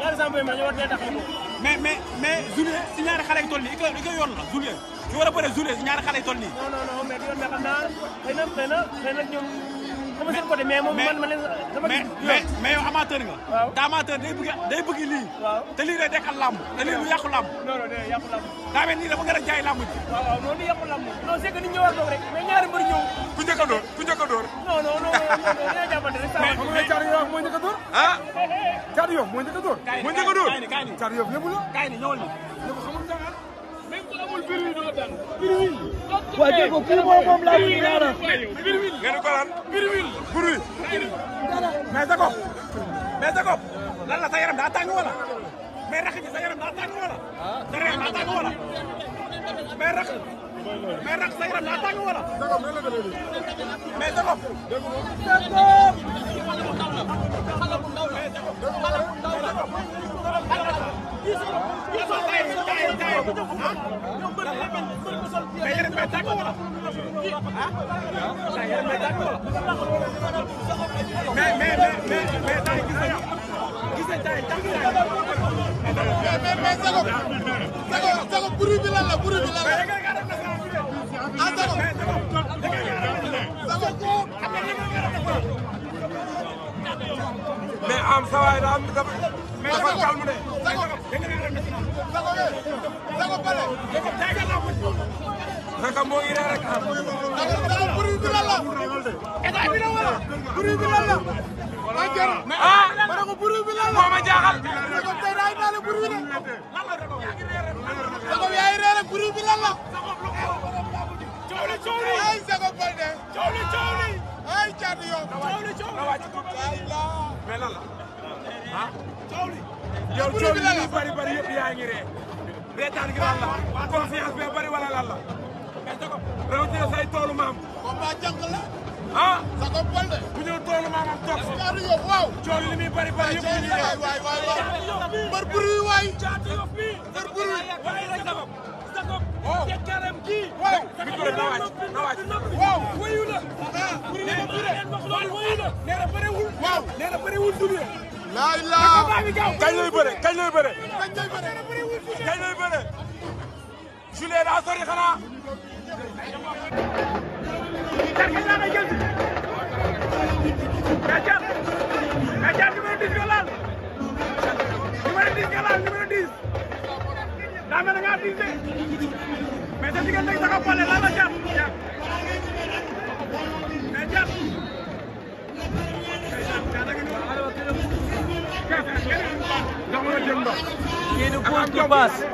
ñaari samboy ma ñu war dee taxaw mais mais mais Julien si ñaari xale yi toll nii i ko yoon la Julien ci war a bëre Julien si ñaari xale yi toll nii non non non mais di yoon mais xam naa xëy na xëy na xëy na ñoom sama seen côté mais moom man ma leen sama lu yàqu làmb non non day yàqu làmb daa mel nii dafa a ñaari mbër ñëw ku njëkk a door ku njëkk a a door ah Caatu Yoff moo njëkk a dóor moo njëkk a dóor Caatu Yoff lépp la kay ni ñëwal ni ñu ko xamul dara même ko amul bir wi do daan bir wi waa dégg ko kii moo moom laa bëgg ñaara bir wi ngeen ko lan bir wi bir wi mais Jacob mais Jacob lan la sa yaram daa tàng wala mais rax ji sa yaram daa tàng wala ah. sa yaram daa tàng wala mais rax mais rax sa yaram daa tàng wala mais Jacob mais mais mais mais tay gis nañu gis nañu tay tànk mais mais mais Sakho Sakho Sakho bruit bi lan la bruit bi lan la ah Sakho Sakho mais am sa waay da am Rakam moo ngi rek buri bi lan la état bi la wala buri bi lan la ma jël ah ma ne ko buri bi lan la moo ma jaaxal ko tey daay naa la buri bi lan la ko yaay reer rek buri bi lan la cawli cawli ay sago bal de cawli cawli ay caatu yow cawli cawli la wàcc mais lan la ah yow coow li bari bari yëpp yaa ngi ree reetaan gi lan la confiance bee bari wala toolu maam combat jàng la ah sa waaw coow li bari bari yëpp ñu waay waay waay waay waay jaati yof waay na wàcc waaw wayu la buri na buri waaw nee na bëriwul dunya laa ilaa kañ lay bëre kañ lay bëre. kañ lay bëre. Julien daa sori xanaa. mais sa diggante ak Sakho Polé lan la jàpp kii du contre passe.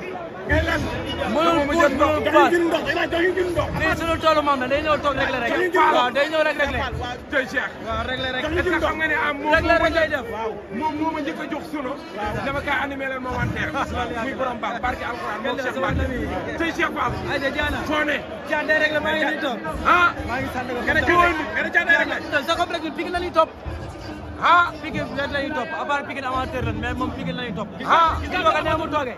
mënul contre passe. lii sunu toolu moom la day ñëw toog réglé rek. waaw day ñëw rek réglé. waaw réglé rek est-ce que xam nga ne ah moom rek lay def. moom moo ma njëkk a jox sunu. dama kaa animé leen ma wanteer. muy borom baax barke alxuraan moom Cheikh Mbacke. tey Cheikh Fall. ayca Diana foo ne. Diana day réglé maa ngi nii toog. ah. maa ngi sànni ko gën a jàppale gën a jàppale rek. sa kopp rek bi pig na li topp. ah Pikine leen la ñuy topp à part Pikine amateur lan mais moom Pikine la ñuy topp. ah gis nga nee mu toogee.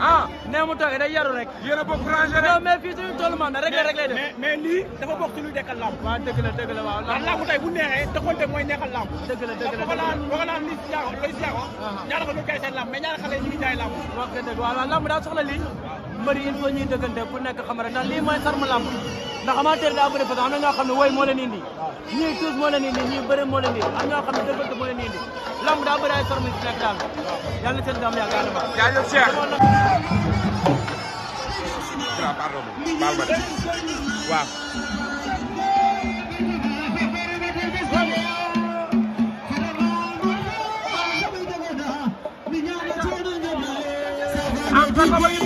ah nee mu toogee day yaru rek. yéen a bokk rangé non mais fii suñu toolu maanaam rek la rek lay def. mais mais lii dafa bokk ci luy dekkal lamb. waaw dëgg la dëgg la waaw. ndax lamb tey bu neexee dëkkante mooy neexal lamb. dëgg la dëgg la dëgg la ndax boo ko naan boo ko naan lii si yàqu looy si yàqu. ñaar ko ñu koy seen lamb mais ñaar xale yi ñu ngi jaay lamb. wax nga dëgg waaw lamb daa soxla lii. mbëri il faut ñuy dëggante ku nekk xam rek ndax lii mooy sarmu làmb ndax amateur daa bëri parce que am na ñoo xam ne woy moo leen indi ñii tuus moo leen indi ñii bëri moo leen indi am ñoo xam ne dëggante moo leen indi làmb daa bëri ay sarmu ci nekk daal yàlla na seen jàmm yaakaar na ma ah, waaw Acabou aí,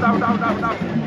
down, down, down, down.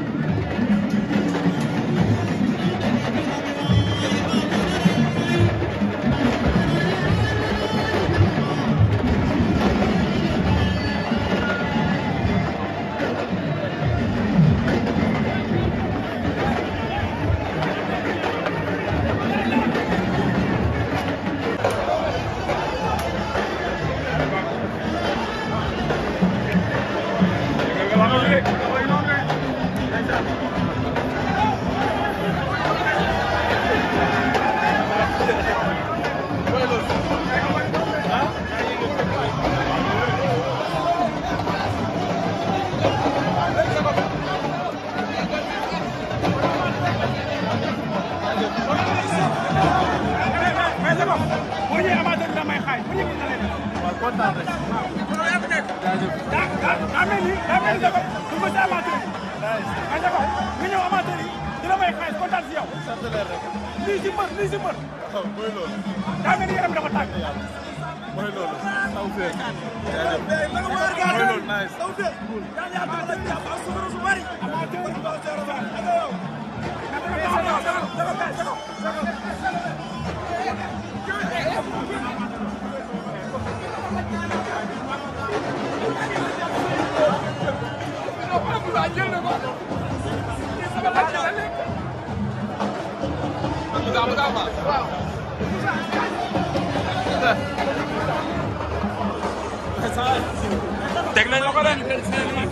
waaw kontaan rek. jaajëf. daa daa daa mel ni daa mel ni dafa du ko si amateur yi. waaw d'accord nga ñëw amateur yi dina may xaalis kontaan si yow. sant leen rek. lii si mbër lii si mbër. waaw mooy loolu. daa mel ni yaram dafa tàng. mooy loolu. taw feeg. jaajëf mooy loolu nice. amateur. teg nañ la ko de. waaw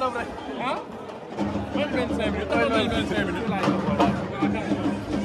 waaw waaw. 25 minutes.